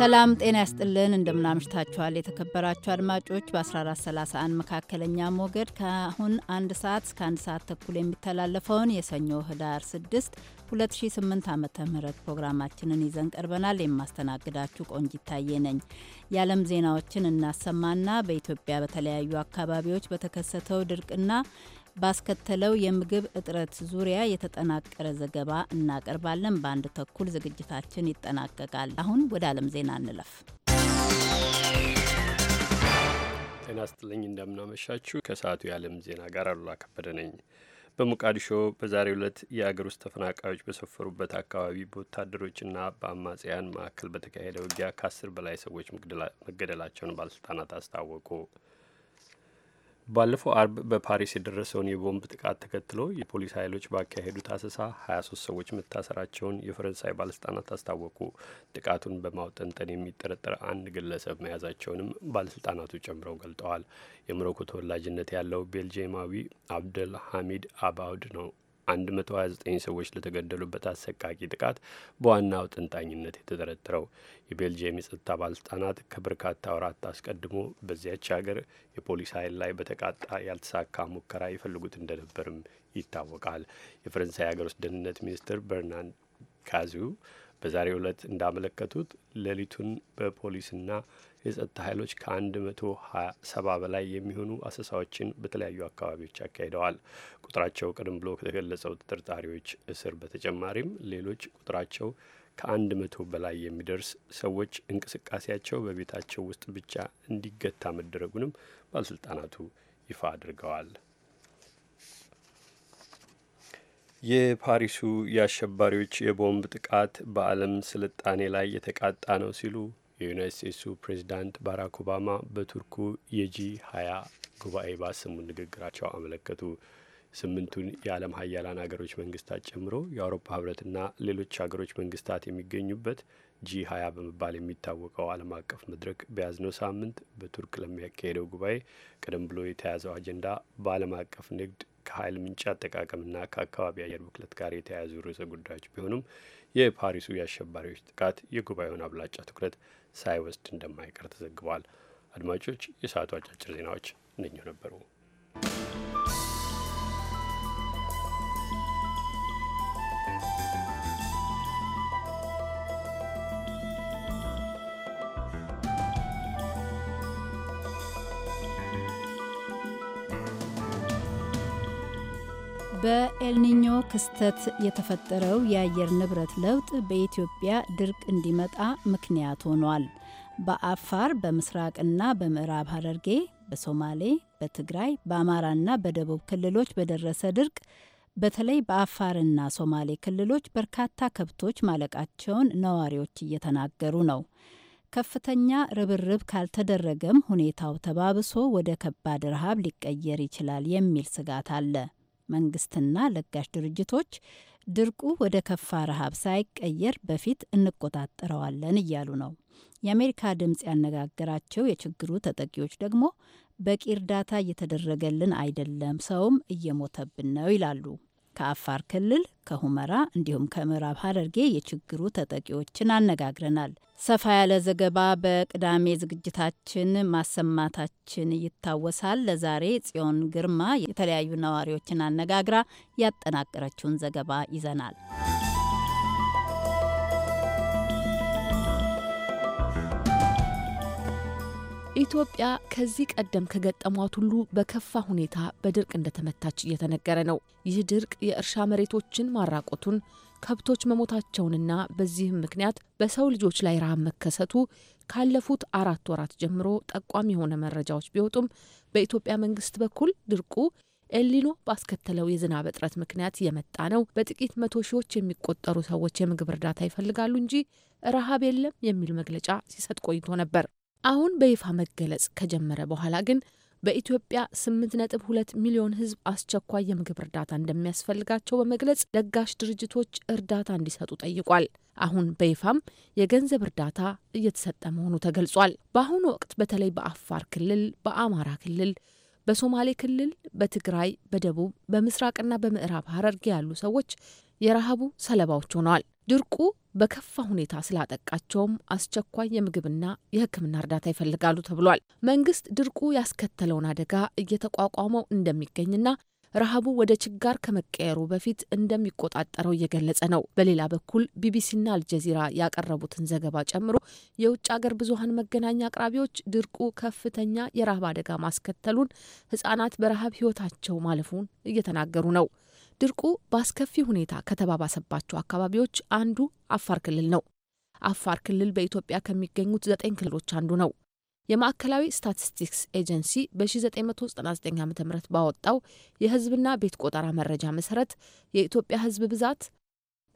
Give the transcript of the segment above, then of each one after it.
ሰላም ጤና ያስጥልን። እንደምናምሽታችኋል የተከበራችሁ አድማጮች በ1431 መካከለኛ ሞገድ ከአሁን አንድ ሰዓት እስከ አንድ ሰዓት ተኩል የሚተላለፈውን የሰኞ ህዳር 6 2008 ዓ ም ፕሮግራማችንን ይዘን ቀርበናል። የማስተናግዳችሁ ቆንጂ ይታየ ነኝ። የዓለም ዜናዎችን እናሰማና በኢትዮጵያ በተለያዩ አካባቢዎች በተከሰተው ድርቅና ባስከተለው የምግብ እጥረት ዙሪያ የተጠናቀረ ዘገባ እናቀርባለን። በአንድ ተኩል ዝግጅታችን ይጠናቀቃል። አሁን ወደ ዓለም ዜና እንለፍ። ጤና ስጥልኝ፣ እንደምናመሻችሁ። ከሰዓቱ የዓለም ዜና ጋር አሉላ ከበደ ነኝ። በሞቃዲሾ በዛሬው ዕለት የአገር ውስጥ ተፈናቃዮች በሰፈሩበት አካባቢ በወታደሮችና በአማጽያን መካከል በተካሄደ ውጊያ ከአስር በላይ ሰዎች መገደላቸውን ባለስልጣናት አስታወቁ። ባለፈው አርብ በፓሪስ የደረሰውን የቦምብ ጥቃት ተከትሎ የፖሊስ ኃይሎች ባካሄዱት አሰሳ 23 ሰዎች መታሰራቸውን የፈረንሳይ ባለስልጣናት አስታወቁ። ጥቃቱን በማውጠንጠን የሚጠረጠር አንድ ግለሰብ መያዛቸውንም ባለስልጣናቱ ጨምረው ገልጠዋል። የሞሮኮ ተወላጅነት ያለው ቤልጂየማዊ አብደል ሐሚድ አባውድ ነው 129 ሰዎች ለተገደሉበት አሰቃቂ ጥቃት በዋናው ጥንጣኝነት የተጠረጠረው የቤልጅየም የጸጥታ ባለስልጣናት ከበርካታ ወራት አስቀድሞ በዚያች ሀገር የፖሊስ ኃይል ላይ በተቃጣ ያልተሳካ ሙከራ ይፈልጉት እንደነበርም ይታወቃል። የፈረንሳይ ሀገር ውስጥ ደህንነት ሚኒስትር በርናን ካዚው በዛሬው ዕለት እንዳመለከቱት ሌሊቱን በፖሊስና የጸጥታ ኃይሎች ከ ሰባ በላይ የሚሆኑ አሰሳዎችን በተለያዩ አካባቢዎች አካሂደዋል። ቁጥራቸው ቀደም ብሎ ከተገለጸው ተጠርጣሪዎች እስር በተጨማሪም ሌሎች ቁጥራቸው ከአንድ መቶ በላይ የሚደርስ ሰዎች እንቅስቃሴያቸው በቤታቸው ውስጥ ብቻ እንዲገታ መደረጉንም ባለስልጣናቱ ይፋ አድርገዋል። የፓሪሱ የአሸባሪዎች የቦምብ ጥቃት በዓለም ስልጣኔ ላይ የተቃጣ ነው ሲሉ የዩናይት ስቴትሱ ፕሬዚዳንት ባራክ ኦባማ በቱርኩ የጂ ሀያ ጉባኤ ባሰሙ ንግግራቸው አመለከቱ። ስምንቱን የዓለም ሀያላን ሀገሮች መንግስታት ጨምሮ የአውሮፓ ህብረትና ሌሎች ሀገሮች መንግስታት የሚገኙበት ጂ ሀያ በመባል የሚታወቀው ዓለም አቀፍ መድረክ በያዝነው ሳምንት በቱርክ ለሚያካሄደው ጉባኤ ቀደም ብሎ የተያዘው አጀንዳ በዓለም አቀፍ ንግድ ከኃይል ምንጭ አጠቃቀምና ከአካባቢ አየር ብክለት ጋር የተያያዙ ርዕሰ ጉዳዮች ቢሆኑም የፓሪሱ የአሸባሪዎች ጥቃት የጉባኤውን አብላጫ ትኩረት ሳይወስድ እንደማይቀር ተዘግቧል። አድማጮች፣ የሰዓቱ አጫጭር ዜናዎች እነኚሁ ነበሩ። በኤልኒኞ ክስተት የተፈጠረው የአየር ንብረት ለውጥ በኢትዮጵያ ድርቅ እንዲመጣ ምክንያት ሆኗል። በአፋር በምስራቅና በምዕራብ ሐረርጌ፣ በሶማሌ፣ በትግራይ፣ በአማራና በደቡብ ክልሎች በደረሰ ድርቅ በተለይ በአፋርና ሶማሌ ክልሎች በርካታ ከብቶች ማለቃቸውን ነዋሪዎች እየተናገሩ ነው። ከፍተኛ ርብርብ ካልተደረገም ሁኔታው ተባብሶ ወደ ከባድ ረሃብ ሊቀየር ይችላል የሚል ስጋት አለ። መንግስትና ለጋሽ ድርጅቶች ድርቁ ወደ ከፋ ረሃብ ሳይቀየር በፊት እንቆጣጠረዋለን እያሉ ነው። የአሜሪካ ድምፅ ያነጋገራቸው የችግሩ ተጠቂዎች ደግሞ በቂ እርዳታ እየተደረገልን አይደለም፣ ሰውም እየሞተብን ነው ይላሉ። ከአፋር ክልል ከሁመራ እንዲሁም ከምዕራብ ሀረርጌ የችግሩ ተጠቂዎችን አነጋግረናል። ሰፋ ያለ ዘገባ በቅዳሜ ዝግጅታችን ማሰማታችን ይታወሳል። ለዛሬ ጽዮን ግርማ የተለያዩ ነዋሪዎችን አነጋግራ ያጠናቀረችውን ዘገባ ይዘናል። ኢትዮጵያ ከዚህ ቀደም ከገጠሟት ሁሉ በከፋ ሁኔታ በድርቅ እንደተመታች እየተነገረ ነው። ይህ ድርቅ የእርሻ መሬቶችን ማራቆቱን፣ ከብቶች መሞታቸውንና በዚህም ምክንያት በሰው ልጆች ላይ ረሃብ መከሰቱ ካለፉት አራት ወራት ጀምሮ ጠቋሚ የሆነ መረጃዎች ቢወጡም በኢትዮጵያ መንግስት በኩል ድርቁ ኤልኒኖ ባስከተለው የዝናብ እጥረት ምክንያት የመጣ ነው፣ በጥቂት መቶ ሺዎች የሚቆጠሩ ሰዎች የምግብ እርዳታ ይፈልጋሉ እንጂ ረሃብ የለም የሚል መግለጫ ሲሰጥ ቆይቶ ነበር። አሁን በይፋ መገለጽ ከጀመረ በኋላ ግን በኢትዮጵያ 8.2 ሚሊዮን ሕዝብ አስቸኳይ የምግብ እርዳታ እንደሚያስፈልጋቸው በመግለጽ ለጋሽ ድርጅቶች እርዳታ እንዲሰጡ ጠይቋል። አሁን በይፋም የገንዘብ እርዳታ እየተሰጠ መሆኑ ተገልጿል። በአሁኑ ወቅት በተለይ በአፋር ክልል፣ በአማራ ክልል፣ በሶማሌ ክልል፣ በትግራይ፣ በደቡብ፣ በምስራቅና በምዕራብ ሀረርጌ ያሉ ሰዎች የረሃቡ ሰለባዎች ሆነዋል። ድርቁ በከፋ ሁኔታ ስላጠቃቸውም አስቸኳይ የምግብና የሕክምና እርዳታ ይፈልጋሉ ተብሏል። መንግስት ድርቁ ያስከተለውን አደጋ እየተቋቋመው እንደሚገኝና ረሃቡ ወደ ችጋር ከመቀየሩ በፊት እንደሚቆጣጠረው እየገለጸ ነው። በሌላ በኩል ቢቢሲና አልጀዚራ ያቀረቡትን ዘገባ ጨምሮ የውጭ አገር ብዙሀን መገናኛ አቅራቢዎች ድርቁ ከፍተኛ የረሃብ አደጋ ማስከተሉን፣ ህጻናት በረሃብ ህይወታቸው ማለፉን እየተናገሩ ነው። ድርቁ በአስከፊ ሁኔታ ከተባባሰባቸው አካባቢዎች አንዱ አፋር ክልል ነው። አፋር ክልል በኢትዮጵያ ከሚገኙት ዘጠኝ ክልሎች አንዱ ነው። የማዕከላዊ ስታቲስቲክስ ኤጀንሲ በ1999 ዓ ም ባወጣው የህዝብና ቤት ቆጠራ መረጃ መሰረት የኢትዮጵያ ህዝብ ብዛት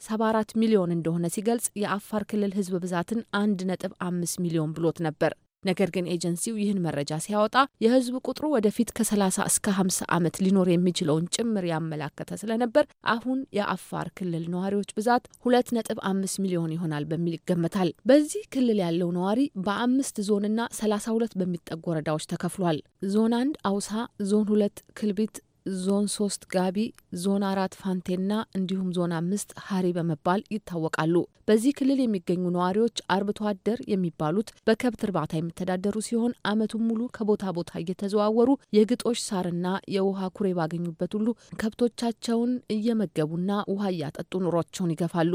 74 ሚሊዮን እንደሆነ ሲገልጽ የአፋር ክልል ህዝብ ብዛትን 1.5 ሚሊዮን ብሎት ነበር። ነገር ግን ኤጀንሲው ይህን መረጃ ሲያወጣ የህዝብ ቁጥሩ ወደፊት ከ30 እስከ 50 ዓመት ሊኖር የሚችለውን ጭምር ያመላከተ ስለነበር አሁን የአፋር ክልል ነዋሪዎች ብዛት 2.5 ሚሊዮን ይሆናል በሚል ይገመታል። በዚህ ክልል ያለው ነዋሪ በአምስት ዞንና 32 በሚጠጉ ወረዳዎች ተከፍሏል። ዞን አንድ አውሳ፣ ዞን ሁለት ክልቢት፣ ዞን ሶስት ጋቢ፣ ዞን አራት ፋንቴና እንዲሁም ዞን አምስት ሀሪ በመባል ይታወቃሉ። በዚህ ክልል የሚገኙ ነዋሪዎች አርብቶ አደር የሚባሉት በከብት እርባታ የሚተዳደሩ ሲሆን ዓመቱን ሙሉ ከቦታ ቦታ እየተዘዋወሩ የግጦሽ ሳርና የውሃ ኩሬ ባገኙበት ሁሉ ከብቶቻቸውን እየመገቡና ውሃ እያጠጡ ኑሯቸውን ይገፋሉ።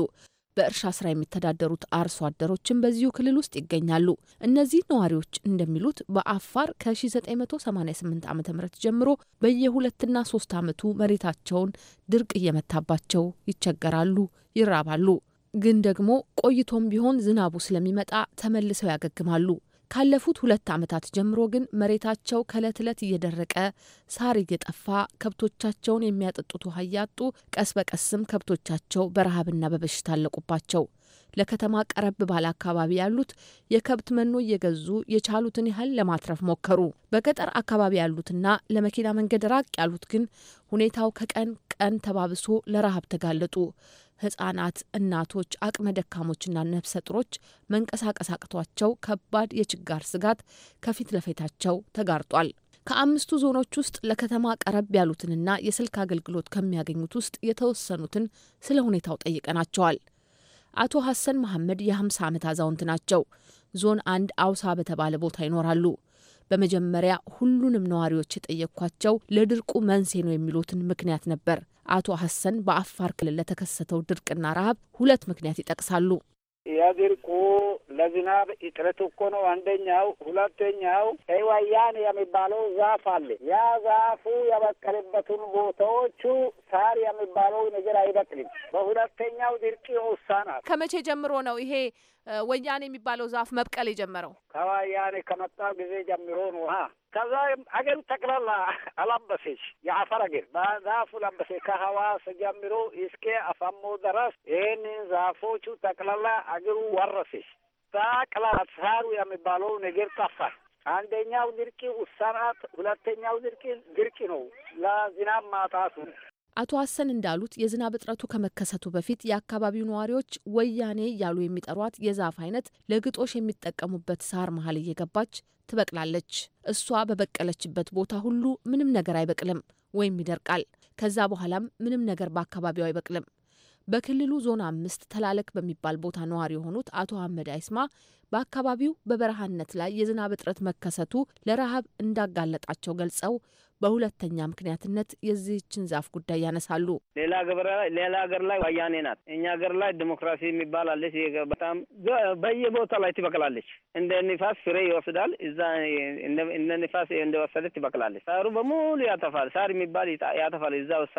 በእርሻ ስራ የሚተዳደሩት አርሶ አደሮችም በዚሁ ክልል ውስጥ ይገኛሉ። እነዚህ ነዋሪዎች እንደሚሉት በአፋር ከ1988 ዓ ም ጀምሮ በየሁለትና ሶስት ዓመቱ መሬታቸውን ድርቅ እየመታባቸው ይቸገራሉ፣ ይራባሉ። ግን ደግሞ ቆይቶም ቢሆን ዝናቡ ስለሚመጣ ተመልሰው ያገግማሉ። ካለፉት ሁለት ዓመታት ጀምሮ ግን መሬታቸው ከእለት ዕለት እየደረቀ ሳር እየጠፋ ከብቶቻቸውን የሚያጠጡት ውሃ እያጡ ቀስ በቀስም ከብቶቻቸው በረሃብና በበሽታ አለቁባቸው። ለከተማ ቀረብ ባለ አካባቢ ያሉት የከብት መኖ እየገዙ የቻሉትን ያህል ለማትረፍ ሞከሩ። በገጠር አካባቢ ያሉትና ለመኪና መንገድ ራቅ ያሉት ግን ሁኔታው ከቀን ቀን ተባብሶ ለረሃብ ተጋለጡ። ህጻናት፣ እናቶች፣ አቅመ ደካሞችና ነፍሰ ጡሮች መንቀሳቀስ አቅቷቸው ከባድ የችጋር ስጋት ከፊት ለፊታቸው ተጋርጧል። ከአምስቱ ዞኖች ውስጥ ለከተማ ቀረብ ያሉትንና የስልክ አገልግሎት ከሚያገኙት ውስጥ የተወሰኑትን ስለ ሁኔታው ጠይቀናቸዋል። አቶ ሐሰን መሐመድ የ50 ዓመት አዛውንት ናቸው። ዞን አንድ አውሳ በተባለ ቦታ ይኖራሉ። በመጀመሪያ ሁሉንም ነዋሪዎች የጠየቅኳቸው ለድርቁ መንስኤ ነው የሚሉትን ምክንያት ነበር። አቶ ሀሰን በአፋር ክልል ለተከሰተው ድርቅና ረሀብ ሁለት ምክንያት ይጠቅሳሉ። የድርቁ ለዝናብ እጥረት እኮ ነው አንደኛው። ሁለተኛው ኤዋያን የሚባለው ዛፍ አለ። ያ ዛፉ የበቀልበትን ቦታዎቹ ሳር የሚባለው ነገር አይበቅልም። በሁለተኛው ድርቅ ውሳናል ከመቼ ጀምሮ ነው ይሄ ወያኔ የሚባለው ዛፍ መብቀል የጀመረው? ከወያኔ ከመጣ ጊዜ ጀምሮ ነው። ከዛ አገር ጠቅላላ አላበሰች። የአፈር አገር በዛፉ ለበሴ። ከሐዋሳ ጀምሮ እስከ አፋሞ ድረስ ይህንን ዛፎቹ ጠቅላላ አገሩ ወረሰች። ጠቅላላ ሳሩ የሚባለው ነገር ጠፋ። አንደኛው ድርቂ ውሳናት፣ ሁለተኛው ድርቂ ድርቂ ነው ለዝናብ ማጣቱ አቶ ሀሰን እንዳሉት የዝናብ እጥረቱ ከመከሰቱ በፊት የአካባቢው ነዋሪዎች ወያኔ እያሉ የሚጠሯት የዛፍ አይነት ለግጦሽ የሚጠቀሙበት ሳር መሀል እየገባች ትበቅላለች። እሷ በበቀለችበት ቦታ ሁሉ ምንም ነገር አይበቅልም ወይም ይደርቃል። ከዛ በኋላም ምንም ነገር በአካባቢው አይበቅልም። በክልሉ ዞን አምስት ተላለክ በሚባል ቦታ ነዋሪ የሆኑት አቶ አህመድ አይስማ በአካባቢው በበረሃነት ላይ የዝናብ እጥረት መከሰቱ ለረሃብ እንዳጋለጣቸው ገልጸው በሁለተኛ ምክንያትነት የዚህችን ዛፍ ጉዳይ ያነሳሉ። ሌላ ሌላ ሀገር ላይ ወያኔ ናት፣ እኛ ሀገር ላይ ዲሞክራሲ የሚባል አለች። በጣም በየቦታ ላይ ትበቅላለች። እንደ ንፋስ ፍሬ ይወስዳል። እዛ እንደ ንፋስ እንደወሰደ ትበቅላለች። ሳሩ በሙሉ ያተፋል። ሳር የሚባል ያተፋል እዛ ውሳ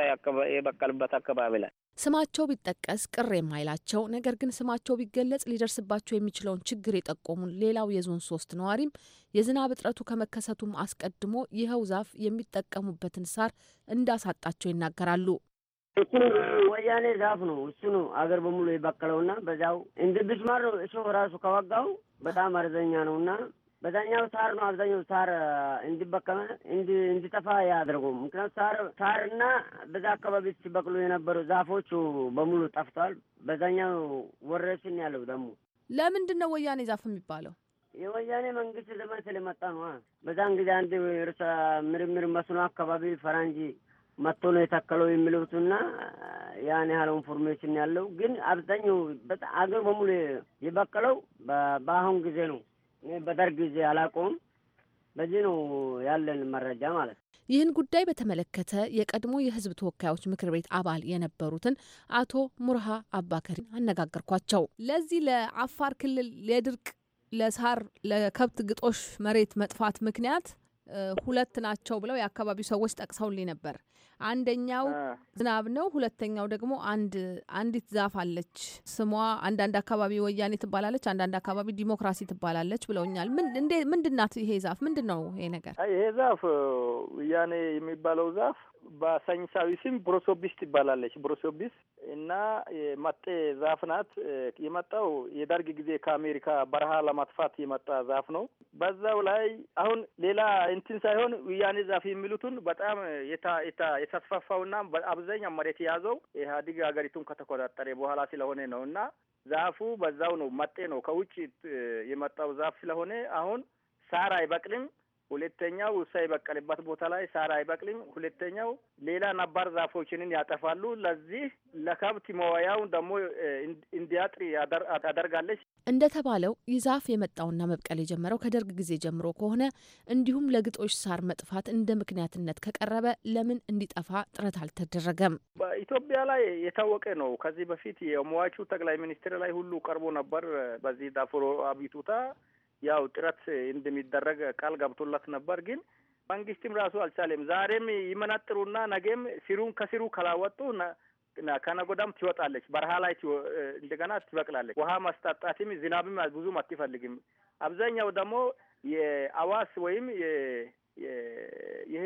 የበቀልበት አካባቢ ላይ ስማቸው ቢጠቀስ ቅር የማይላቸው ነገር ግን ስማቸው ቢገለጽ ሊደርስባቸው የሚችለውን ችግር የጠቆሙን ሌላው የዞን ሶስት ነዋሪም የዝናብ እጥረቱ ከመከሰቱም አስቀድሞ ይኸው ዛፍ የሚ የሚጠቀሙበትን ሳር እንዳሳጣቸው ይናገራሉ። እሱን ወያኔ ዛፍ ነው። እሱኑ አገር በሙሉ የበቀለውና በዚያው እንደ ቢስማር ነው። እሱ ራሱ ከዋጋው በጣም አርዘኛ ነውና በዛኛው ሳር ነው አብዛኛው ሳር እንዲበከመ እንዲጠፋ ያደርገው። ምክንያቱ ሳር ሳርና በዛ አካባቢ ሲበቅሉ የነበሩ ዛፎቹ በሙሉ ጠፍተዋል። በዛኛው ወረሽን ያለው ደግሞ ለምንድን ነው ወያኔ ዛፍ የሚባለው? የወያኔ መንግስት ዘመን ስለመጣ ነው። በዛን ጊዜ አንድ እርሳ ምርምር መስኖ አካባቢ ፈራንጂ መጥቶ ነው የተከለው የሚሉትና ያን ያህል ኢንፎርሜሽን ያለው ግን አብዛኛው በጣም አገር በሙሉ የበቀለው በአሁን ጊዜ ነው። በደርግ ጊዜ አላውቀውም። በዚህ ነው ያለን መረጃ ማለት ነው። ይህን ጉዳይ በተመለከተ የቀድሞ የህዝብ ተወካዮች ምክር ቤት አባል የነበሩትን አቶ ሙርሃ አባከሪን አነጋገርኳቸው። ለዚህ ለአፋር ክልል የድርቅ ለሳር ለከብት ግጦሽ መሬት መጥፋት ምክንያት ሁለት ናቸው ብለው የአካባቢው ሰዎች ጠቅሰውልኝ ነበር። አንደኛው ዝናብ ነው። ሁለተኛው ደግሞ አንድ አንዲት ዛፍ አለች ስሟ አንዳንድ አካባቢ ወያኔ ትባላለች፣ አንዳንድ አካባቢ ዲሞክራሲ ትባላለች ብለውኛል። ምንድናት ይሄ ዛፍ? ምንድን ነው ይሄ ነገር? ይሄ ዛፍ ወያኔ የሚባለው ዛፍ በሳይንሳዊ ስም ብሮሶቢስ ትባላለች። ብሮሶቢስ እና መጤ ዛፍ ናት። የመጣው የደርግ ጊዜ ከአሜሪካ በረሃ ለማጥፋት የመጣ ዛፍ ነው። በዛው ላይ አሁን ሌላ እንትን ሳይሆን ውያኔ ዛፍ የሚሉትን በጣም የተስፋፋውና አብዛኛው መሬት የያዘው ኢህአዲግ ሀገሪቱን ከተቆጣጠረ በኋላ ስለሆነ ነው እና ዛፉ በዛው ነው መጤ ነው ከውጭ የመጣው ዛፍ ስለሆነ አሁን ሳር አይበቅልም። ሁለተኛው ውሳ የበቀልበት ቦታ ላይ ሳር አይበቅልም። ሁለተኛው ሌላ ነባር ዛፎችንን ያጠፋሉ። ለዚህ ለከብት መዋያው ደግሞ እንዲያጥር ያደርጋለች። እንደተባለው ይህ ዛፍ የመጣውና መብቀል የጀመረው ከደርግ ጊዜ ጀምሮ ከሆነ እንዲሁም ለግጦሽ ሳር መጥፋት እንደ ምክንያትነት ከቀረበ ለምን እንዲጠፋ ጥረት አልተደረገም? በኢትዮጵያ ላይ የታወቀ ነው። ከዚህ በፊት የሟቹ ጠቅላይ ሚኒስትር ላይ ሁሉ ቀርቦ ነበር። በዚህ ዳፍሮ አቤቱታ ያው ጥረት እንደሚደረግ ቃል ገብቶለት ነበር ግን መንግስትም ራሱ አልቻለም። ዛሬም ይመነጥሩና ነገም ሲሩን ከሲሩ ካላወጡ ከነጎዳም ትወጣለች፣ በረሃ ላይ እንደገና ትበቅላለች። ውሃ ማስጣጣትም ዝናብም ብዙም አትፈልግም። አብዛኛው ደግሞ የአዋስ ወይም ይሄ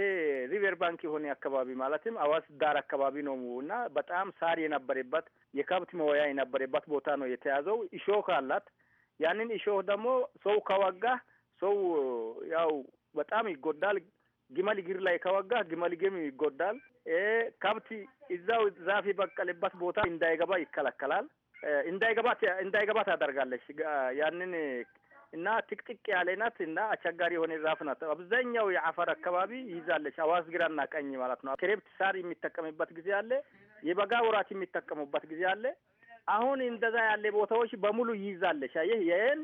ሪቨር ባንክ የሆነ አካባቢ ማለትም አዋስ ዳር አካባቢ ነው እና በጣም ሳር የነበረበት የከብት መወያ የነበረበት ቦታ ነው የተያዘው። እሾክ አላት ያንን እሾህ ደግሞ ሰው ከወጋ ሰው ያው በጣም ይጎዳል። ግመል እግር ላይ ከወጋ ግመል እግርም ይጎዳል። ከብት እዛው ዛፍ የበቀለበት ቦታ እንዳይገባ ይከለከላል። እንዳይገባት እንዳይገባ ታደርጋለች። ያንን እና ጥቅጥቅ ያለ ናት እና አስቸጋሪ የሆነ ዛፍ ናት። አብዛኛው የአፈር አካባቢ ይይዛለች። አዋስ ግራና ቀኝ ማለት ነው። ክሬፕት ሳር የሚጠቀምበት ጊዜ አለ። የበጋ ወራት የሚጠቀሙበት ጊዜ አለ። አሁን እንደዛ ያለ ቦታዎች በሙሉ ይይዛለች። ይህ ይህን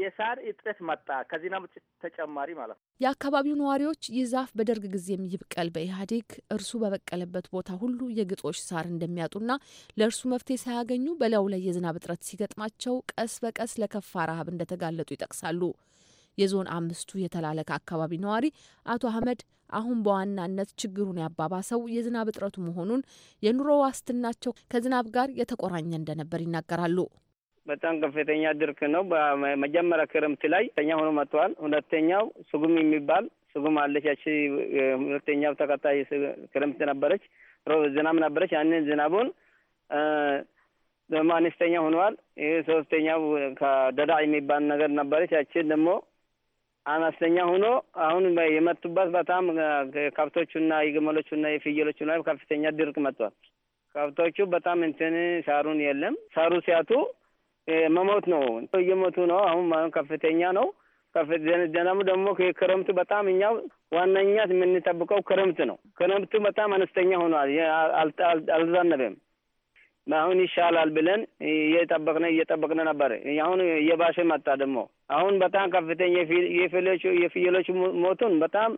የሳር እጥረት መጣ ከዚህና ተጨማሪ ማለት ነው። የአካባቢው ነዋሪዎች ይህ ዛፍ በደርግ ጊዜም ይብቀል በኢህአዴግ እርሱ በበቀለበት ቦታ ሁሉ የግጦሽ ሳር እንደሚያጡና ለእርሱ መፍትሄ ሳያገኙ በላዩ ላይ የዝናብ እጥረት ሲገጥማቸው ቀስ በቀስ ለከፋ ረሀብ እንደተጋለጡ ይጠቅሳሉ። የዞን አምስቱ የተላለከ አካባቢ ነዋሪ አቶ አህመድ አሁን በዋናነት ችግሩን ያባባሰው የዝናብ እጥረቱ መሆኑን የኑሮ ዋስትናቸው ከዝናብ ጋር የተቆራኘ እንደነበር ይናገራሉ። በጣም ከፍተኛ ድርቅ ነው። በመጀመሪያ ክረምት ላይ ተኛ ሆኖ መጥተዋል። ሁለተኛው ስጉም የሚባል ስጉም አለች። ያቺ ሁለተኛው ተከታይ ክረምት ነበረች፣ ዝናብ ነበረች። ያንን ዝናቡን ደግሞ አነስተኛ ሆነዋል። ይህ ሶስተኛው ከደዳ የሚባል ነገር ነበረች። ያችን ደግሞ አነስተኛ ሆኖ አሁን የመጡበት በጣም ከብቶቹና የግመሎቹና የፍየሎቹ ላይ ከፍተኛ ድርቅ መጥቷል። ከብቶቹ በጣም እንትን ሳሩን የለም። ሳሩ ሲያቱ መሞት ነው፣ እየሞቱ ነው። አሁን ከፍተኛ ነው። ዘናሙ ደግሞ ክረምቱ በጣም እኛ ዋነኛ የምንጠብቀው ክረምት ነው። ክረምቱ በጣም አነስተኛ ሆኗል፣ አልዘነበም። አሁን ይሻላል ብለን እየጠበቅነ እየጠበቅነ ነበር። አሁን እየባሰ መጣ። ደግሞ አሁን በጣም ከፍተኛ የፍየሎች ሞቱን በጣም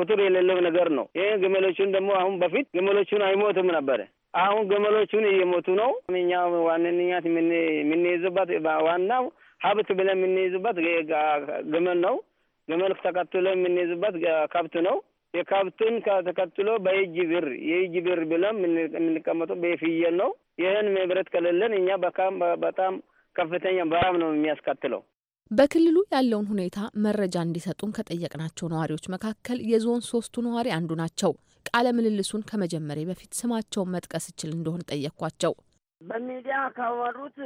ቁጥር የሌለው ነገር ነው። ይህ ግመሎቹን ደግሞ አሁን በፊት ግመሎቹን አይሞትም ነበር። አሁን ግመሎቹን እየሞቱ ነው። እኛ ዋነኛት የምንይዝበት ዋናው ሀብት ብለን የምንይዝበት ግመል ነው። ግመል ተከትሎ የምንይዝበት ከብት ነው። የከብትን ተከትሎ በእጅ ብር የእጅ ብር ብለን የምንቀመጠው በፍየል ነው። ይህን ህብረት ከሌለን እኛ በካም በጣም ከፍተኛ በራም ነው የሚያስከትለው። በክልሉ ያለውን ሁኔታ መረጃ እንዲሰጡን ከጠየቅናቸው ነዋሪዎች መካከል የዞን ሶስቱ ነዋሪ አንዱ ናቸው። ቃለ ምልልሱን ከመጀመሬ በፊት ስማቸውን መጥቀስ እችል እንደሆን ጠየቅኳቸው። በሚዲያ ካወሩት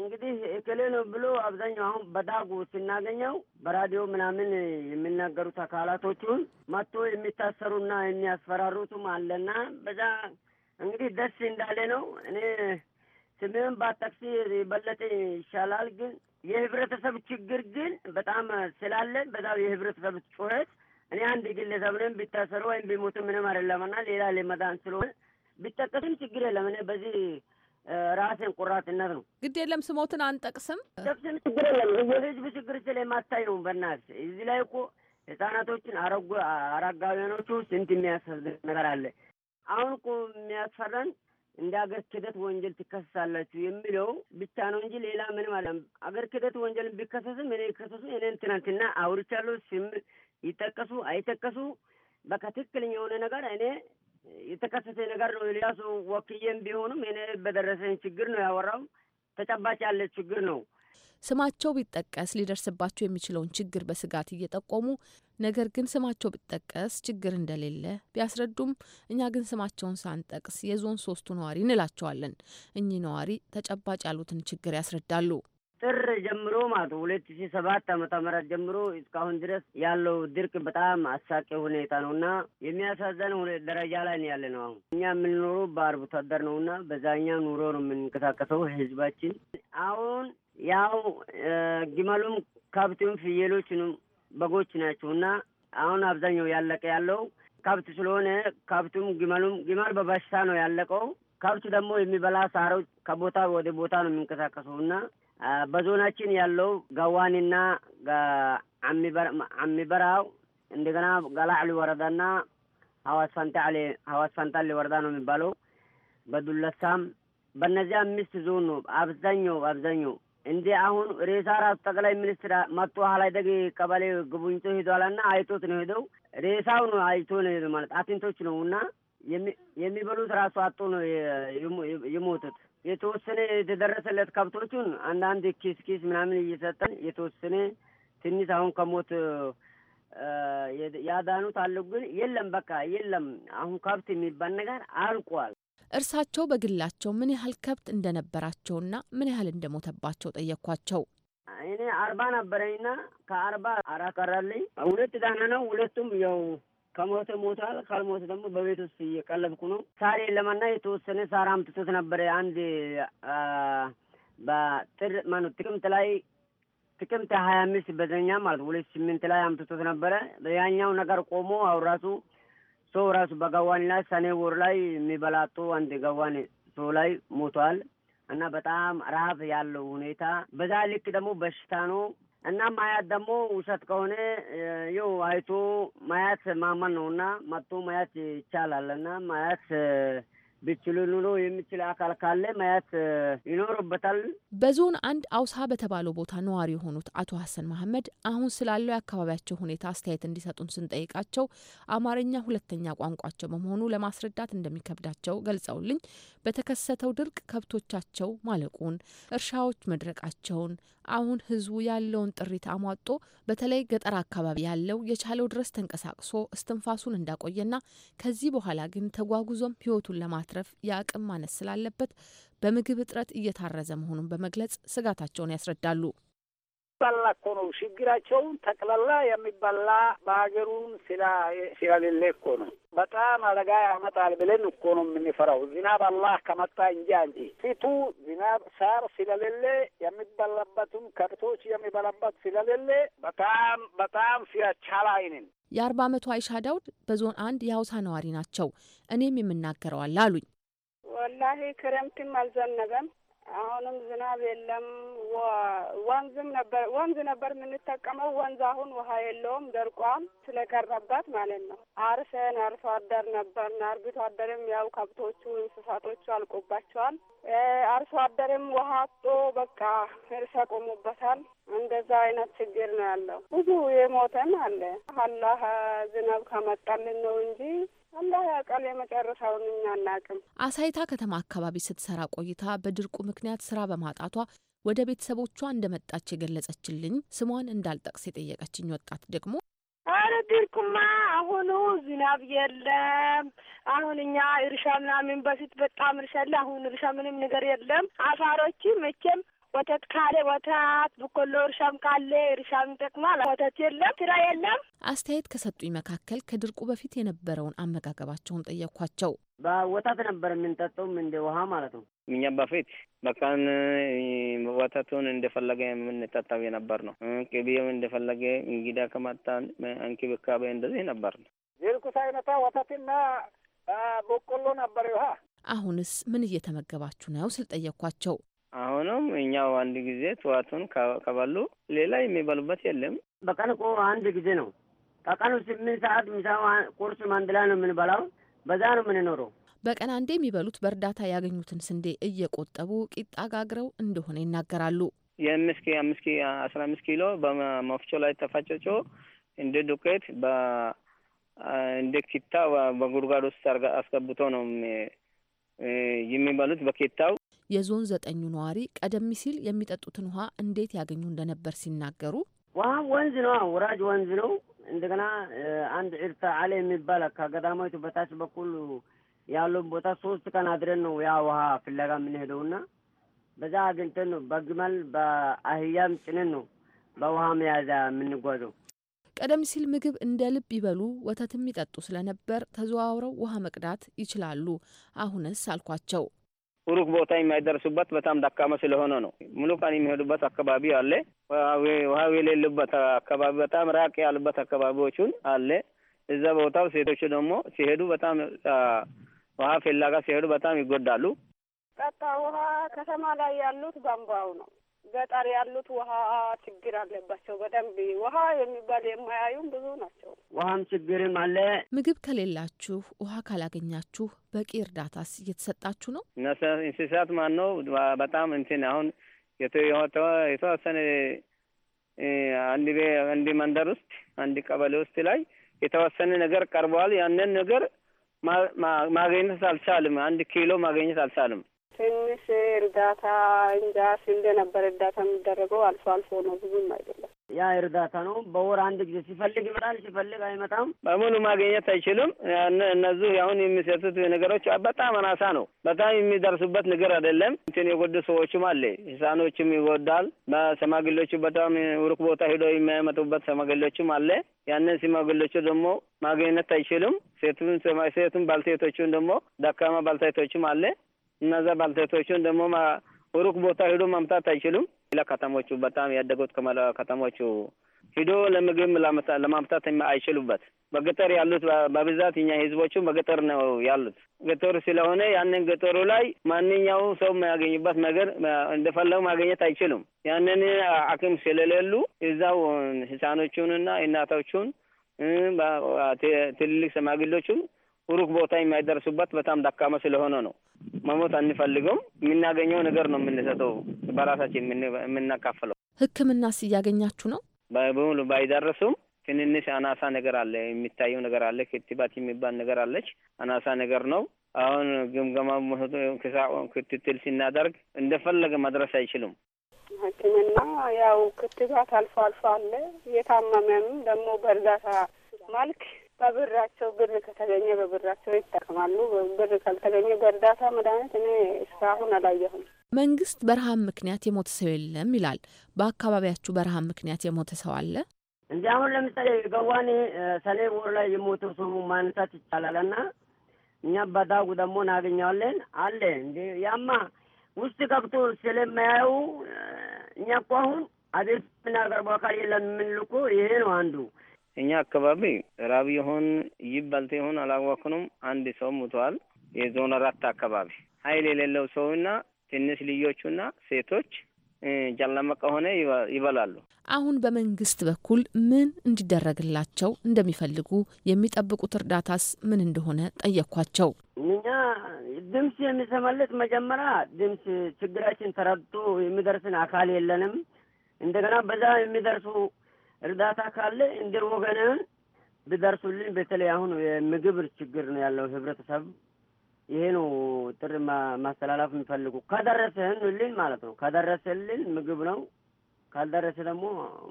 እንግዲህ እክሌ ነው ብሎ አብዛኛው አሁን በዳጉ ስናገኘው በራዲዮ ምናምን የሚናገሩት አካላቶቹን መጥቶ የሚታሰሩና የሚያስፈራሩትም አለና በዛ እንግዲህ ደስ እንዳለ ነው። እኔ ስምህን ባጠቅሲ በለጠ ይሻላል። ግን የህብረተሰብ ችግር ግን በጣም ስላለን በጣም የህብረተሰብ ጩኸት እኔ አንድ ግለሰብ ነኝ ቢታሰሩ ወይም ቢሞቱ ምንም አይደለምና ሌላ ሊመዳን ስለሆነ ቢጠቀስም ችግር የለም። እኔ በዚህ ራሴን ቁራጥነት ነው ግድ የለም ስሞትን አንጠቅስም ጠቅስም ችግር የለም። የህዝብ ችግር ስለማታይ ነው። በእናትህ እዚህ ላይ እኮ ህጻናቶችን አረጉ አረጋውያኖቹ ስንት የሚያሳዝን ነገር አለ። አሁን እኮ የሚያስፈራን እንደ አገር ክደት ወንጀል ትከሰሳላችሁ የሚለው ብቻ ነው እንጂ ሌላ ምንም አለ። አገር ክደት ወንጀል ቢከሰስም እኔ ከሰሱ እኔን ትናንትና አውርቻለሁ። ስም ይጠቀሱ አይጠቀሱ በቃ ትክክለኛ የሆነ ነገር እኔ የተከሰተ ነገር ነው። ሌላ ሰው ወክዬም ቢሆንም እኔ በደረሰኝ ችግር ነው ያወራው። ተጨባጭ ያለ ችግር ነው። ስማቸው ቢጠቀስ ሊደርስባቸው የሚችለውን ችግር በስጋት እየጠቆሙ ነገር ግን ስማቸው ቢጠቀስ ችግር እንደሌለ ቢያስረዱም እኛ ግን ስማቸውን ሳንጠቅስ የዞን ሶስቱ ነዋሪ እንላቸዋለን። እኚህ ነዋሪ ተጨባጭ ያሉትን ችግር ያስረዳሉ። ጥር ጀምሮ ማለት ሁለት ሺ ሰባት አመተ ምህረት ጀምሮ እስካሁን ድረስ ያለው ድርቅ በጣም አሳቂ ሁኔታ ነው እና የሚያሳዘን ደረጃ ላይ ያለ ነው። አሁን እኛ የምንኖረው በአርብቶ አደር ነው እና በዛኛ ኑሮ ነው የምንንቀሳቀሰው ህዝባችን አሁን ያው ግመሉም ከብቱም ፍየሎችንም በጎች ናቸው እና አሁን አብዛኛው ያለቀ ያለው ከብት ስለሆነ ከብቱም ግመሉም ግመል በበሽታ ነው ያለቀው። ከብት ደግሞ የሚበላ ሳሮች ከቦታ ወደ ቦታ ነው የሚንቀሳቀሰው እና በዞናችን ያለው ገዋንና አሚበራው እንደገና ገላዕሊ ወረዳና ሀዋስ ፈንታሌ ወረዳ ነው የሚባለው በዱለሳም በእነዚህ አምስት ዞን ነው አብዛኛው አብዛኛው እንዲ አሁን ሬሳ ራሱ ጠቅላይ ሚኒስትር መጥቶ ደግ ቀበሌ ጉቡኝቶ ሄዷልና አይቶት ነው ሄደው ሬሳው ነው አይቶ ነው ሄደው ማለት አትንቶች ነው እና የሚበሉት ራሱ አጥቶ ነው የሞቱት። የተወሰነ የተደረሰለት ከብቶቹን አንዳንድ ኪስ ኪስ ምናምን እየሰጠን የተወሰነ ትንሽ አሁን ከሞት ያዳኑት አሉ። ግን የለም በቃ የለም። አሁን ከብት የሚባል ነገር አልቋል። እርሳቸው በግላቸው ምን ያህል ከብት እንደነበራቸውና ምን ያህል እንደሞተባቸው ጠየኳቸው። እኔ አርባ ነበረኝና ከአርባ አራት ሁለት ዳና ነው። ሁለቱም ያው ከሞተ ሞታል፣ ካልሞተ ደግሞ በቤት ውስጥ እየቀለብኩ ነው። ሳር የለምና የተወሰነ ሳር አምጥቶት ነበረ አንድ በጥር ማኑ ጥቅምት ላይ ጥቅምት ሀያ አምስት በዘኛ ማለት ሁለት ስምንት ላይ አምጥቶት ነበረ። ያኛው ነገር ቆሞ አውራሱ ሰው ራሱ በገዋን ላይ ሰኔ ወር ላይ የሚበላጡ አንድ ገዋን ሰው ላይ ሞቷል እና በጣም ረሀብ ያለው ሁኔታ በዛ ልክ ደግሞ በሽታ ነው እና ማያት ደግሞ ውሰት ከሆነ ይው አይቶ ማያት ማመን ነው እና መጥቶ ማያት ይቻላል እና ማያት ቢችሉ ኑሮ የሚችል አካል ካለ ማየት ይኖርበታል። በዞን አንድ አውሳ በተባለው ቦታ ነዋሪ የሆኑት አቶ ሀሰን መሀመድ አሁን ስላለው የአካባቢያቸው ሁኔታ አስተያየት እንዲሰጡን ስንጠይቃቸው አማርኛ ሁለተኛ ቋንቋቸው በመሆኑ ለማስረዳት እንደሚከብዳቸው ገልጸውልኝ በተከሰተው ድርቅ ከብቶቻቸው ማለቁን፣ እርሻዎች መድረቃቸውን አሁን ህዝቡ ያለውን ጥሪት አሟጦ በተለይ ገጠር አካባቢ ያለው የቻለው ድረስ ተንቀሳቅሶ እስትንፋሱን እንዳቆየና ከዚህ በኋላ ግን ተጓጉዞም ህይወቱን ለማትረፍ የአቅም ማነስ ስላለበት በምግብ እጥረት እየታረዘ መሆኑን በመግለጽ ስጋታቸውን ያስረዳሉ። የሚባላ እኮ ነው ችግራቸውን ጠቅላላ የሚባላ በሀገሩን ስላ ስለሌለ እኮ ነው። በጣም አደጋ ያመጣል ብለን እኮ ነው የምንፈራው። ዝናብ አላህ ከመጣ እንጂ አንጂ ፊቱ ዝናብ ሳር ስለሌለ የሚበላበትም ከብቶች የሚበላበት ስለሌለ በጣም በጣም ሲያቻላ አይንን የአርባ አመቱ አይሻ ዳውድ በዞን አንድ የሀውሳ ነዋሪ ናቸው። እኔም የምናገረዋል አሉኝ። ወላሂ ክረምትም አልዘነበም አሁንም ዝናብ የለም። ወንዝም ነበር ወንዝ ነበር የምንጠቀመው ወንዝ አሁን ውሃ የለውም፣ ደርቋም ስለቀረባት ማለት ነው። አርሰን አርሶ አደር ነበር አርብቶ አደርም ያው ከብቶቹ እንስሳቶቹ አልቆባቸዋል። አርሶ አደርም ውሃ አጥቶ በቃ እርሰ ቆሙበታል። እንደዛ አይነት ችግር ነው ያለው። ብዙ የሞተን አለ አላህ ዝናብ ከመጣልን ነው እንጂ አላህ ያውቃል። የመጨረሻውን እኛ አናውቅም። አሳይታ ከተማ አካባቢ ስትሰራ ቆይታ በድርቁ ምክንያት ስራ በማጣቷ ወደ ቤተሰቦቿ እንደመጣች የገለጸችልኝ ስሟን እንዳልጠቅስ የጠየቀችኝ ወጣት ደግሞ አረ ድርቁማ አሁኑ ዝናብ የለም። አሁን እኛ እርሻ ምናምን በፊት በጣም እርሻ አለ። አሁን እርሻ ምንም ነገር የለም። አፋሮች መቼም ወተት ካለ ወተት፣ በቆሎ እርሻም ካለ እርሻም ይጠቅማል። ወተት የለም፣ ስራ የለም። አስተያየት ከሰጡኝ መካከል ከድርቁ በፊት የነበረውን አመጋገባቸውን ጠየኳቸው። በወተት ነበር የምንጠጣው እንደ ውሃ ማለት ነው። እኛ በፊት በቃን ወተቱን እንደፈለገ የምንጠጣው የነበር ነው። ቅቤም እንደፈለገ እንግዳ ከመጣን እንክብካቤ እንደዚህ ነበር ነው። ድርቁ ሳይመጣ ወተትና በቆሎ ነበር ውሃ። አሁንስ ምን እየተመገባችሁ ነው ስል ጠየኳቸው። አሁንም እኛው አንድ ጊዜ ጠዋቱን ከበሉ ሌላ የሚበሉበት የለም። በቀን እኮ አንድ ጊዜ ነው። ከቀኑ ስምንት ሰዓት ምሳ፣ ቁርስም አንድ ላይ ነው የምንበላው። በዛ ነው የምንኖረው። በቀን አንዴ የሚበሉት በእርዳታ ያገኙትን ስንዴ እየቆጠቡ ቂጣ ጋግረው እንደሆነ ይናገራሉ። የምስኪ አምስኪ አስራ አምስት ኪሎ በመፍጮ ላይ ተፈጨጮ እንደ ዱቄት እንደ ኪታ በጉድጓድ ውስጥ አስገብቶ ነው የሚበሉት። በኪታው የዞን ዘጠኙ ነዋሪ ቀደም ሲል የሚጠጡትን ውሃ እንዴት ያገኙ እንደነበር ሲናገሩ ውሃ ወንዝ ነው፣ ወራጅ ወንዝ ነው። እንደገና አንድ ዒርታ አለ የሚባል ከገዳማዊቱ በታች በኩል ያለውን ቦታ ሶስት ቀን አድረን ነው ያ ውሃ ፍለጋ የምንሄደውና በዛ አግኝተን ነው በግመል በአህያም ጭነን ነው በውሃ መያዣ የምንጓዘው። ቀደም ሲል ምግብ እንደ ልብ ይበሉ ወተትም ይጠጡ ስለነበር ተዘዋውረው ውሃ መቅዳት ይችላሉ። አሁንስ አልኳቸው ሩቅ ቦታ የማይደርሱበት በጣም ደካማ ስለሆነ ነው። ሙሉ ቀን የሚሄዱበት አካባቢ አለ። ውሃ የሌሉበት አካባቢ በጣም ራቅ ያሉበት አካባቢዎቹን አለ። እዛ ቦታው ሴቶች ደግሞ ሲሄዱ በጣም ውሃ ፍለጋ ሲሄዱ በጣም ይጎዳሉ። ቀጣ ውሃ ከተማ ላይ ያሉት ቧንቧው ነው ገጠር ያሉት ውሃ ችግር አለባቸው በደንብ ውሃ የሚባል የማያዩም ብዙ ናቸው። ውሃም ችግርም አለ። ምግብ ከሌላችሁ ውሃ ካላገኛችሁ በቂ እርዳታስ እየተሰጣችሁ ነው? እንስሳት ማን ነው በጣም እንትን አሁን የተወሰነ አንድ አንድ መንደር ውስጥ አንድ ቀበሌ ውስጥ ላይ የተወሰነ ነገር ቀርበዋል። ያንን ነገር ማግኘት አልቻልም። አንድ ኪሎ ማግኘት አልቻልም። ትንሽ እርዳታ እንጃ ሲልደ ነበር። እርዳታ የሚደረገው አልፎ አልፎ ነው፣ ብዙም አይደለም። ያ እርዳታ ነው። በወር አንድ ጊዜ ሲፈልግ ይመጣል፣ ሲፈልግ አይመጣም። በሙሉ ማግኘት አይችልም። እነዚህ አሁን የሚሰጡት ነገሮች በጣም አናሳ ነው። በጣም የሚደርሱበት ነገር አይደለም። እንትን የጎዱ ሰዎችም አለ፣ ህፃኖችም ይጎዳል። በሸማግሌዎቹ በጣም ሩቅ ቦታ ሂዶ የሚያመጡበት ሸማግሌዎችም አለ። ያንን ሽማግሌዎቹ ደግሞ ማግኘት አይችልም። ሴቱን ሴቱን ባልቴቶቹን ደግሞ ደካማ ባልቴቶችም አለ እነዛ ባልቴቶቹን ደግሞ ሩቅ ቦታ ሂዶ ማምጣት አይችሉም። ሌላ ከተሞቹ በጣም ያደጉት ከተሞቹ ሂዶ ለምግብ ለማምጣት አይችሉበት። በገጠር ያሉት በብዛት እኛ ህዝቦቹ በገጠር ነው ያሉት። ገጠሩ ስለሆነ ያንን ገጠሩ ላይ ማንኛውም ሰው የሚያገኝበት ነገር እንደፈለጉ ማግኘት አይችሉም። ያንን አቅም ስለሌሉ እዛው ህፃኖቹንና እናቶቹን ትልልቅ ሽማግሌዎቹን ሩቅ ቦታ የማይደርሱበት በጣም ደካማ ስለሆነ ነው። መሞት አንፈልገውም። የምናገኘው ነገር ነው የምንሰጠው፣ በራሳችን የምናካፍለው። ህክምና እያገኛችሁ ነው? በሙሉ ባይደርሱም ትንንሽ አናሳ ነገር አለ፣ የሚታየው ነገር አለ። ክትባት የሚባል ነገር አለች፣ አናሳ ነገር ነው። አሁን ግምገማ ክትትል ሲናደርግ እንደፈለገ መድረስ አይችልም። ህክምና ያው ክትባት አልፎ አልፎ አለ። የታመመም ደግሞ በእርዳታ መልክ በብራቸው ብር ከተገኘ በብራቸው ይጠቅማሉ። ብር ካልተገኘ በእርዳታ መድኃኒት እኔ እስካሁን አላየሁም። መንግስት በረሃብ ምክንያት የሞተ ሰው የለም ይላል። በአካባቢያችሁ በረሃብ ምክንያት የሞተ ሰው አለ? እንዲ አሁን ለምሳሌ ገዋኔ ሰኔ ወር ላይ የሞተ ሰው ማንሳት ይቻላል እና እኛ በዳጉ ደግሞ እናገኘዋለን አለ እንዲ ያማ ውስጥ ገብቶ ስለማያዩ እኛ እኮ አሁን አቤት የምናቀርበው አካል የለም የምንልኮ ይሄ ነው አንዱ እኛ አካባቢ ራብ ይሆን ይባልት ይሆን አላወቅንም። አንድ ሰው ሙቷል። የዞን አራት አካባቢ ኃይል የሌለው ሰውና ትንሽ ልጆቹና ሴቶች ጨለማ ከሆነ ይበላሉ። አሁን በመንግስት በኩል ምን እንዲደረግላቸው እንደሚፈልጉ የሚጠብቁት እርዳታስ ምን እንደሆነ ጠየኳቸው። እኛ ድምፅ የሚሰማለት መጀመሪያ ድምፅ ችግራችን ተረድቶ የሚደርስን አካል የለንም። እንደገና በዛ የሚደርሱ እርዳታ ካለ እንደ ወገንህን ብደርሱልኝ። በተለይ አሁን የምግብ ችግር ነው ያለው ህብረተሰብ። ይሄ ነው ጥሪ ማስተላለፍ የሚፈልጉ ከደረሰህንልን ማለት ነው። ከደረሰልን ምግብ ነው፣ ካልደረሰ ደግሞ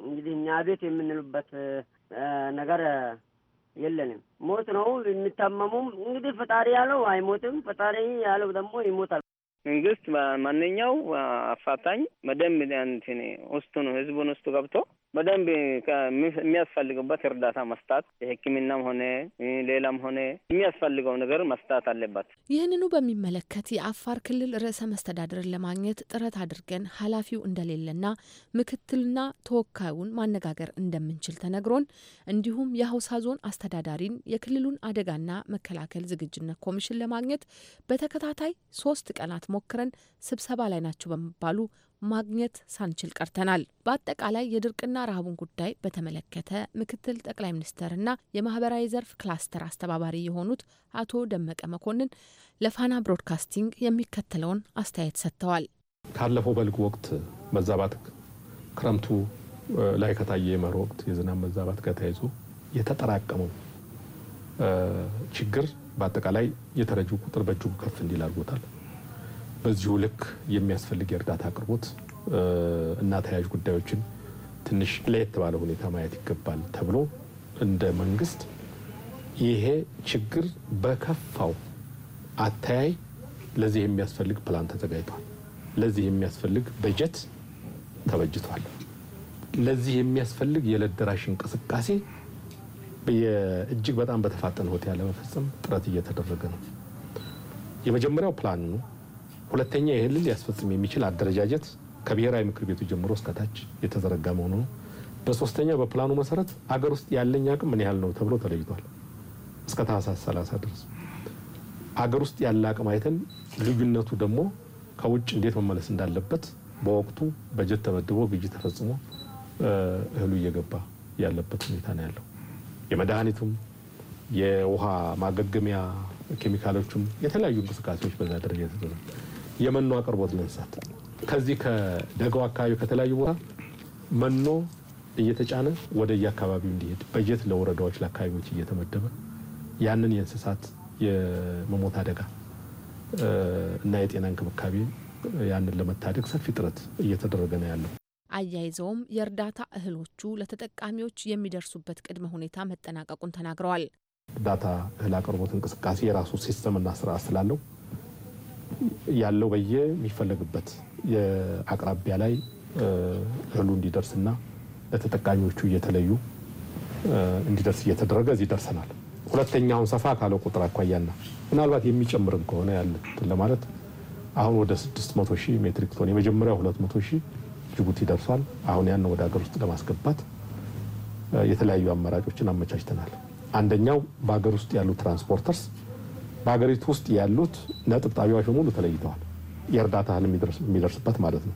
እንግዲህ እኛ ቤት የምንሉበት ነገር የለንም። ሞት ነው የሚታመሙም እንግዲህ ፈጣሪ ያለው አይሞትም፣ ፈጣሪ ያለው ደግሞ ይሞታል። መንግስት ማንኛው አፋታኝ በደንብ እንትን ውስጡ ነው ህዝቡን ውስጡ ገብቶ በደንብ የሚያስፈልግበት እርዳታ መስጣት የሕክምናም ሆነ ሌላም ሆነ የሚያስፈልገው ነገር መስጣት አለባት። ይህንኑ በሚመለከት የአፋር ክልል ርዕሰ መስተዳድርን ለማግኘት ጥረት አድርገን ኃላፊው እንደሌለና ምክትልና ተወካዩን ማነጋገር እንደምንችል ተነግሮን እንዲሁም የሀውሳ ዞን አስተዳዳሪን የክልሉን አደጋና መከላከል ዝግጅነት ኮሚሽን ለማግኘት በተከታታይ ሶስት ቀናት ሞክረን ስብሰባ ላይ ናቸው በመባሉ ማግኘት ሳንችል ቀርተናል። በአጠቃላይ የድርቅና ረሃቡን ጉዳይ በተመለከተ ምክትል ጠቅላይ ሚኒስትርና የማህበራዊ ዘርፍ ክላስተር አስተባባሪ የሆኑት አቶ ደመቀ መኮንን ለፋና ብሮድካስቲንግ የሚከተለውን አስተያየት ሰጥተዋል። ካለፈው በልግ ወቅት መዛባት ክረምቱ ላይ ከታየ የመሮ ወቅት የዝናብ መዛባት ጋር ተያይዞ የተጠራቀመው ችግር በአጠቃላይ የተረጂው ቁጥር በእጅጉ ከፍ እንዲል አድርጎታል። በዚሁ ልክ የሚያስፈልግ የእርዳታ አቅርቦት እና ተያያዥ ጉዳዮችን ትንሽ ለየት ባለ ሁኔታ ማየት ይገባል ተብሎ እንደ መንግስት ይሄ ችግር በከፋው አተያይ ለዚህ የሚያስፈልግ ፕላን ተዘጋጅቷል። ለዚህ የሚያስፈልግ በጀት ተበጅቷል። ለዚህ የሚያስፈልግ የዕለት ደራሽ እንቅስቃሴ እጅግ በጣም በተፋጠነ ሁኔታ ለመፈጸም ጥረት እየተደረገ ነው። የመጀመሪያው ፕላን ነው። ሁለተኛ ይህንን ሊያስፈጽም የሚችል አደረጃጀት ከብሔራዊ ምክር ቤቱ ጀምሮ እስከታች የተዘረጋ መሆኑ ነው። በሶስተኛ በፕላኑ መሰረት አገር ውስጥ ያለኝ አቅም ምን ያህል ነው ተብሎ ተለይቷል። እስከ ታህሳስ 30 ድረስ አገር ውስጥ ያለ አቅም አይተን ልዩነቱ ደግሞ ከውጭ እንዴት መመለስ እንዳለበት በወቅቱ በጀት ተመድቦ ግዥ ተፈጽሞ እህሉ እየገባ ያለበት ሁኔታ ነው ያለው። የመድኃኒቱም የውሃ ማገገሚያ ኬሚካሎቹም የተለያዩ እንቅስቃሴዎች በዛ ደረጃ የተደረገ የመኖ አቅርቦት ለእንስሳት ከዚህ ከደጋው አካባቢ ከተለያዩ ቦታ መኖ እየተጫነ ወደ የአካባቢው እንዲሄድ በጀት ለወረዳዎች ለአካባቢዎች እየተመደበ ያንን የእንስሳት የመሞት አደጋ እና የጤና እንክብካቤ ያንን ለመታደግ ሰፊ ጥረት እየተደረገ ነው ያለው። አያይዘውም የእርዳታ እህሎቹ ለተጠቃሚዎች የሚደርሱበት ቅድመ ሁኔታ መጠናቀቁን ተናግረዋል። እርዳታ እህል አቅርቦት እንቅስቃሴ የራሱ ሲስተምና ስርዓት ስላለው ያለው በየ የሚፈለግበት የአቅራቢያ ላይ እህሉ እንዲደርስና ለተጠቃሚዎቹ እየተለዩ እንዲደርስ እየተደረገ እዚህ ደርሰናል። ሁለተኛውን ሰፋ ካለ ቁጥር አኳያና ምናልባት የሚጨምርም ከሆነ ያለት ለማለት አሁን ወደ 600 ሺህ ሜትሪክ ቶን የመጀመሪያው 200 ሺህ ጅቡቲ ደርሷል። አሁን ያን ወደ ሀገር ውስጥ ለማስገባት የተለያዩ አማራጮችን አመቻችተናል። አንደኛው በሀገር ውስጥ ያሉ ትራንስፖርተርስ በሀገሪቱ ውስጥ ያሉት ነጥብ ጣቢያዎች በሙሉ ተለይተዋል። የእርዳታ እህል የሚደርስበት ማለት ነው።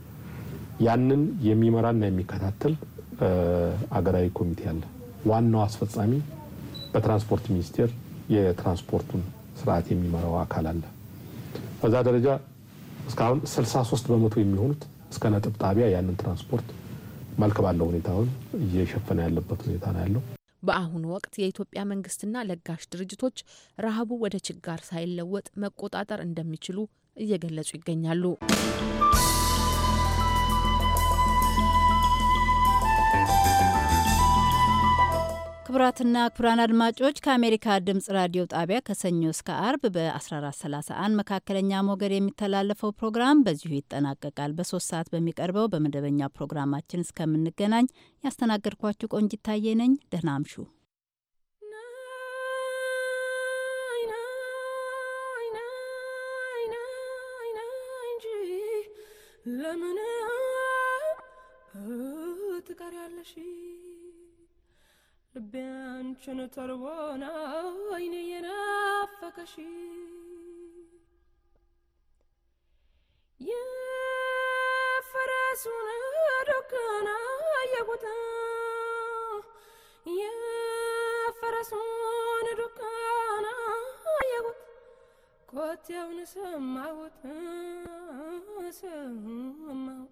ያንን የሚመራና የሚከታተል አገራዊ ኮሚቴ አለ። ዋናው አስፈጻሚ በትራንስፖርት ሚኒስቴር የትራንስፖርቱን ስርዓት የሚመራው አካል አለ። በዛ ደረጃ እስካሁን 63 በመቶ የሚሆኑት እስከ ነጥብ ጣቢያ ያንን ትራንስፖርት መልክ ባለው ሁኔታውን እየሸፈነ ያለበት ሁኔታ ነው ያለው። በአሁኑ ወቅት የኢትዮጵያ መንግስትና ለጋሽ ድርጅቶች ረሃቡ ወደ ችጋር ሳይለወጥ መቆጣጠር እንደሚችሉ እየገለጹ ይገኛሉ። ክቡራትና ክቡራን አድማጮች ከአሜሪካ ድምጽ ራዲዮ ጣቢያ ከሰኞ እስከ አርብ በ1431 መካከለኛ ሞገድ የሚተላለፈው ፕሮግራም በዚሁ ይጠናቀቃል። በሶስት ሰዓት በሚቀርበው በመደበኛ ፕሮግራማችን እስከምንገናኝ ያስተናገድኳችሁ ቆንጂት ታዬ ነኝ። ደህና አምሹ። ለምን ትቀሪያለሽ? ልቤ አንቺን ተርቦና አይኔ የናፈቀሽ የፈረሱን ዶካና የጎታ የፈረሱን ዶካና የጎት ኮቴውን ሰማሁት ሰማሁት